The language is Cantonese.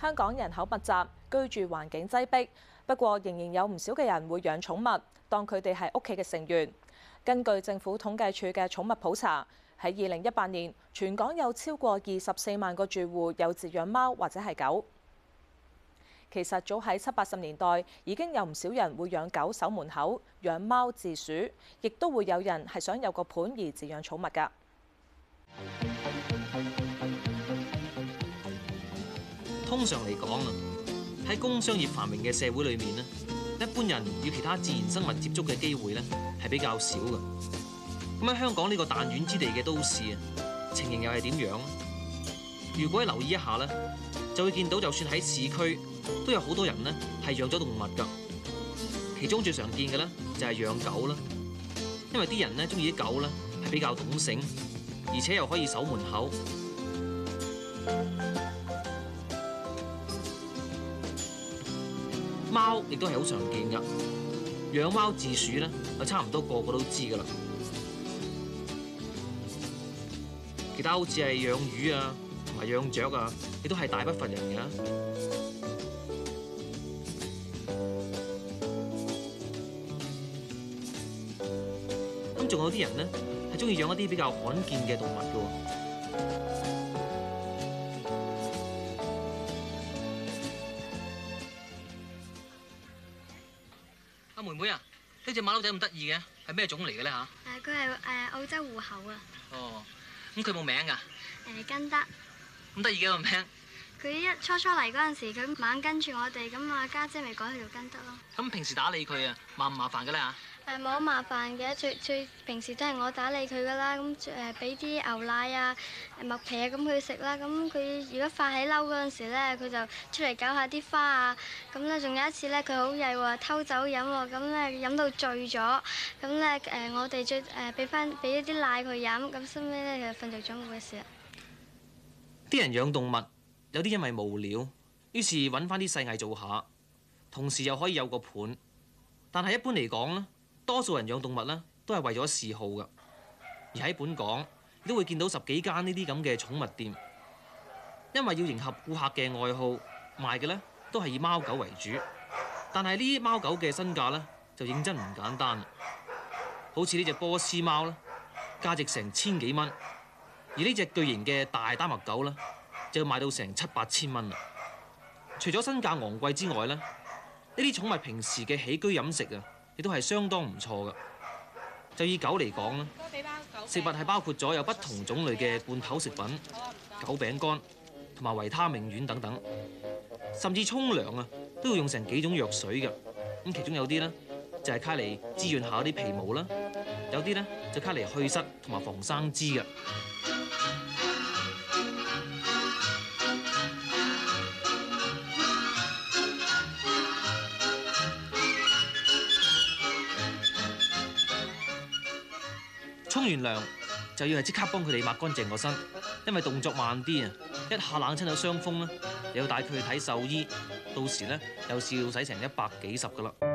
香港人口密集，居住環境擠迫，不過仍然有唔少嘅人會養寵物，當佢哋係屋企嘅成員。根據政府統計處嘅寵物普查，喺二零一八年，全港有超過二十四萬個住戶有飼養貓或者係狗。其實早喺七八十年代，已經有唔少人會養狗守門口、養貓治鼠，亦都會有人係想有個伴而自養寵物㗎。通常嚟講啊，喺工商業繁榮嘅社會裏面咧，一般人與其他自然生物接觸嘅機會咧係比較少嘅。咁喺香港呢個彈丸之地嘅都市啊，情形又係點樣？如果你留意一下呢，就會見到就算喺市區都有好多人咧係養咗動物㗎。其中最常見嘅呢，就係養狗啦，因為啲人呢，中意啲狗呢，係比較懂性，而且又可以守門口。貓亦都係好常見嘅，養貓治鼠咧，就差唔多個個都知噶啦。其他好似係養魚啊，同埋養雀啊，亦都係大不乏人嘅。咁仲有啲人咧，係中意養一啲比較罕見嘅動物嘅。阿妹妹這隻這啊，呢隻馬騮仔咁得意嘅，係咩種嚟嘅的呢吓？誒，佢係澳洲戶口啊。哦，咁佢冇名㗎？金、呃、德。咁得意嘅個名。佢一初初嚟嗰陣時，佢猛跟住我哋，咁啊家姐咪改佢做跟得咯。咁平時打理佢啊，麻唔麻煩噶咧啊？誒，冇好麻煩嘅，最最平時都係我打理佢噶啦。咁誒，俾啲牛奶啊、麥皮啊，咁佢食啦。咁佢如果發起嬲嗰陣時咧，佢就出嚟搞下啲花啊。咁咧，仲有一次咧，佢好曳喎，偷酒飲喎。咁咧，飲到醉咗。咁咧，誒，我哋最誒，俾翻俾一啲奶佢飲。咁收尾咧，就瞓着咗冇事啦。啲人養動物。有啲因為無聊，於是揾返啲細藝做下，同時又可以有個盤。但係一般嚟講呢，多數人養動物呢都係為咗嗜好㗎。而喺本港都會見到十幾間呢啲咁嘅寵物店，因為要迎合顧客嘅愛好，賣嘅呢都係以貓狗為主。但係呢啲貓狗嘅身價呢就認真唔簡單，好似呢隻波斯貓呢，價值成千幾蚊；而呢隻巨型嘅大丹麥狗呢，就要賣到成七八千蚊啦！除咗身價昂貴之外呢，呢啲寵物平時嘅起居飲食啊，亦都係相當唔錯噶。就以狗嚟講呢，食物係包括咗有不同種類嘅罐頭食品、狗餅乾同埋維他命丸等等，甚至沖涼啊都要用成幾種藥水嘅。咁其中有啲呢，就係卡嚟滋潤下啲皮毛啦，有啲呢，就卡嚟祛虱同埋防生枝嘅。沖完涼，就要係即刻幫佢哋抹乾淨個身，因為動作慢啲啊，一下冷親到傷風咧，又要帶佢去睇獸醫，到時咧又係要使成一百幾十噶啦。